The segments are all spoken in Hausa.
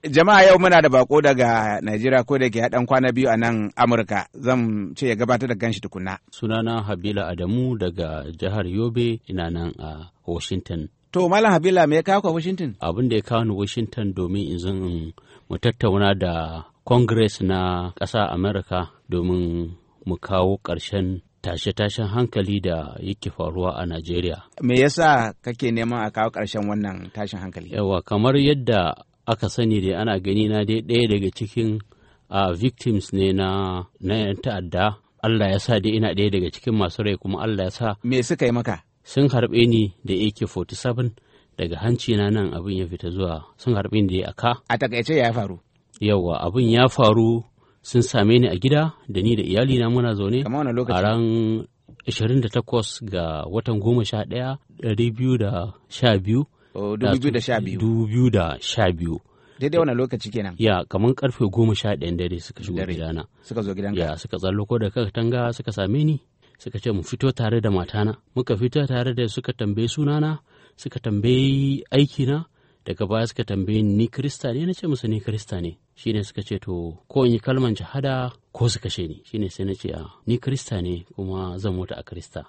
jama'a yau muna da bako daga Najeriya ko da ke haɗan kwana biyu a nan Amurka zan ce ya gabatar da ganshi tukuna. Sunana Habila Adamu daga jihar Yobe ina nan a Washington. To Malam Habila me ya kawo ka Washington? Abin da ya kawo ni Washington domin in zan mu tattauna da Congress na ƙasa Amurka domin mu kawo ƙarshen tashe-tashen hankali da yake faruwa a Najeriya. Me yasa kake neman a kawo ƙarshen wannan tashin hankali? Yawa kamar yadda aka sani da ana gani na dai ɗaya daga cikin uh, victims ne na na 'yan ta'adda Allah ya sa dai ina ɗaya daga cikin masu rai kuma Allah ya sa me suka yi maka sun harbe ni da AK47 daga hanci na nan abin ya fita zuwa sun harbe ni da aka a takaice ya faru yawa abin ya faru sun same ni a gida da ni da iyalina muna zaune a ran 28 ga watan 11 212 2012 eh, daidai wani lokaci kenan ya kamar karfe goma sha ɗayan dare suka shigo gidana suka zo gidanka ya suka tsallo ko da tanga suka same ni suka ce mu fito tare da mata matana muka fito tare da suka tambaye na suka tambayi aikina daga baya suka tambaye ni krista ne na ce musu ni krista ne shine suka ce to ko in yi kalman jihada ko su kashe ni shine sai na ce a ah, ni krista ne kuma zan mutu a krista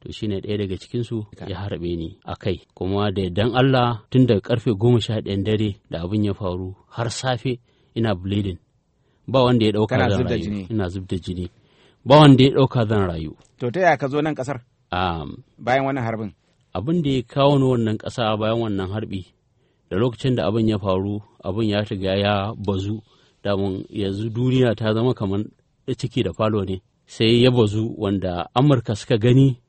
to shi ne ɗaya daga cikinsu ya harbe ni a kai kuma da dan Allah tun daga karfe goma sha ɗayan dare da abin ya faru har safe ina bleeding ba wanda ya ɗauka zan rayu ina zub da jini ba wanda ya ɗauka zan rayu to ta yaya ka zo nan ƙasar bayan wannan harbin abin da ya kawo ni wannan ƙasa bayan wannan harbi da lokacin da abin ya faru abin ya shiga ya bazu mun yanzu duniya ta zama kamar ciki da falo ne sai ya bazu wanda amurka suka gani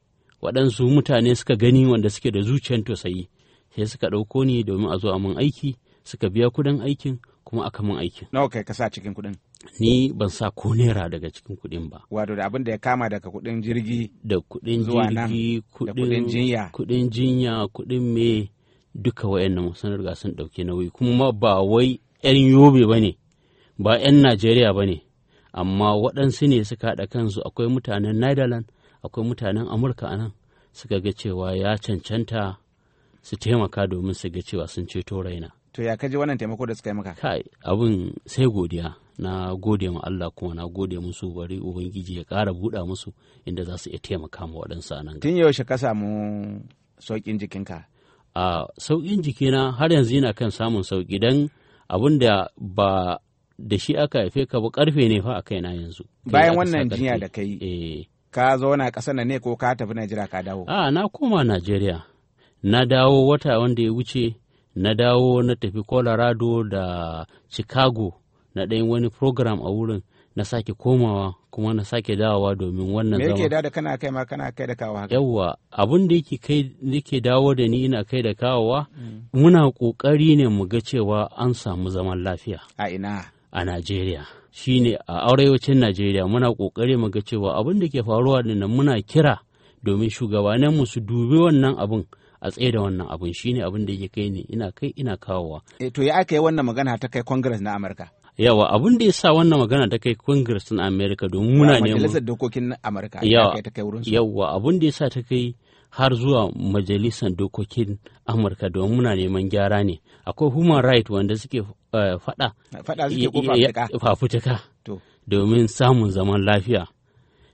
waɗansu mutane suka gani wanda suke da zuciyar tausayi sai suka ɗauko ni domin a zo a mun aiki suka biya kuɗin aikin kuma aka mun aikin. Nawa kai ka sa cikin kuɗin? Ni ban sa ko naira daga cikin kuɗin ba. Wato da abin da ya kama daga kuɗin jirgi da kuɗin jirgi kuɗin jinya kuɗin jinya kuɗin me duka wayannan sun riga sun ɗauke nauyi kuma ba wai 'yan yobe ba ne ba 'yan Najeriya ba ne amma waɗansu ne suka haɗa kansu akwai mutanen Netherlands akwai mutanen amurka a nan suka ga cewa ya cancanta su taimaka domin su ga cewa sun ceto raina to ya kaji wannan taimako da suka yi maka kai abin sai godiya na gode ma Allah kuma na gode musu bari ubangiji ya kara buɗa musu inda za su iya taimaka ma waɗansu nan tun yaushe ka samu sauƙin jikinka a sauƙin jikina har yanzu yana kan samun sauƙi dan abin da ba da shi aka haife ka ba karfe ne fa a kaina yanzu bayan wannan jinya da kai ka zauna ƙasar nan ne ko ka tafi Najeriya ka dawo? A ah, na koma Najeriya. Na dawo wata wanda ya wuce, na dawo na tafi Colorado da Chicago na ɗayan wani program a wurin na sake komawa kuma na sake dawowa domin wannan zama. Me yake da kana kai ma kana kai da kawo haka. Yawwa, abin da yake kai yake dawo da ni ina kai da kawowa, mm. muna ƙoƙari ne mu ga cewa an samu zaman lafiya. A ina. a Najeriya. Shi ne a arewacin Najeriya muna ƙoƙari ga cewa abin da ke faruwa da muna kira domin shugabaninmu su dubi wannan abin a tsaye da wannan abin shi ne abin da ya kai ni ina kai ina kawowa. E, to ya aka yi wannan magana ta kai Congress na Amurka? Yawa abin da ya sa wannan magana ta kai Congress na Amurka domin muna neman. Majalisar dokokin Amurka. Yawa abin da ya sa ta kai har zuwa majalisar dokokin amurka domin muna neman gyara ne akwai human right wanda suke eh, fada eh, eh, fafutuka domin samun zaman lafiya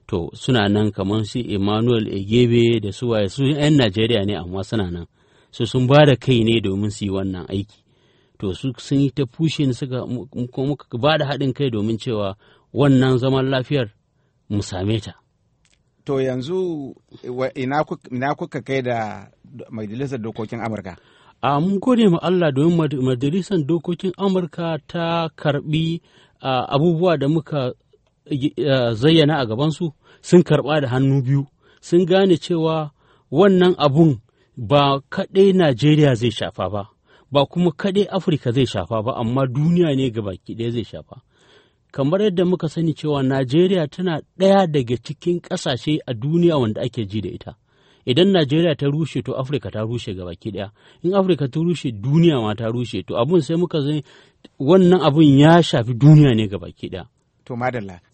to suna nan kamar su emmanuel egebe da su waye su 'yan najeriya ne amma suna nan su sun ba da kai ne domin su yi wannan aiki to su sun yi ta fushin suka muka ba da haɗin kai domin cewa wannan zaman lafiyar mu same ta to yanzu ina kuka kai da majalisar dokokin amurka a mun gode mu allah domin majalisar dokokin amurka ta karbi abubuwa da muka zayyana a gabansu sun karba da hannu biyu sun gane cewa wannan abun ba kaɗai najeriya zai shafa ba ba kuma kaɗai afirka zai shafa ba amma duniya ne ga baki ɗaya zai shafa kamar yadda muka sani cewa najeriya tana ɗaya daga cikin ƙasashe a duniya wanda ake ji da ita idan najeriya ta rushe to afirka ta rushe ga baki ɗaya in afirka ta rushe duniya ma ta rushe to abun sai muka zai wannan abun ya shafi duniya ne ga baki ɗaya to madalla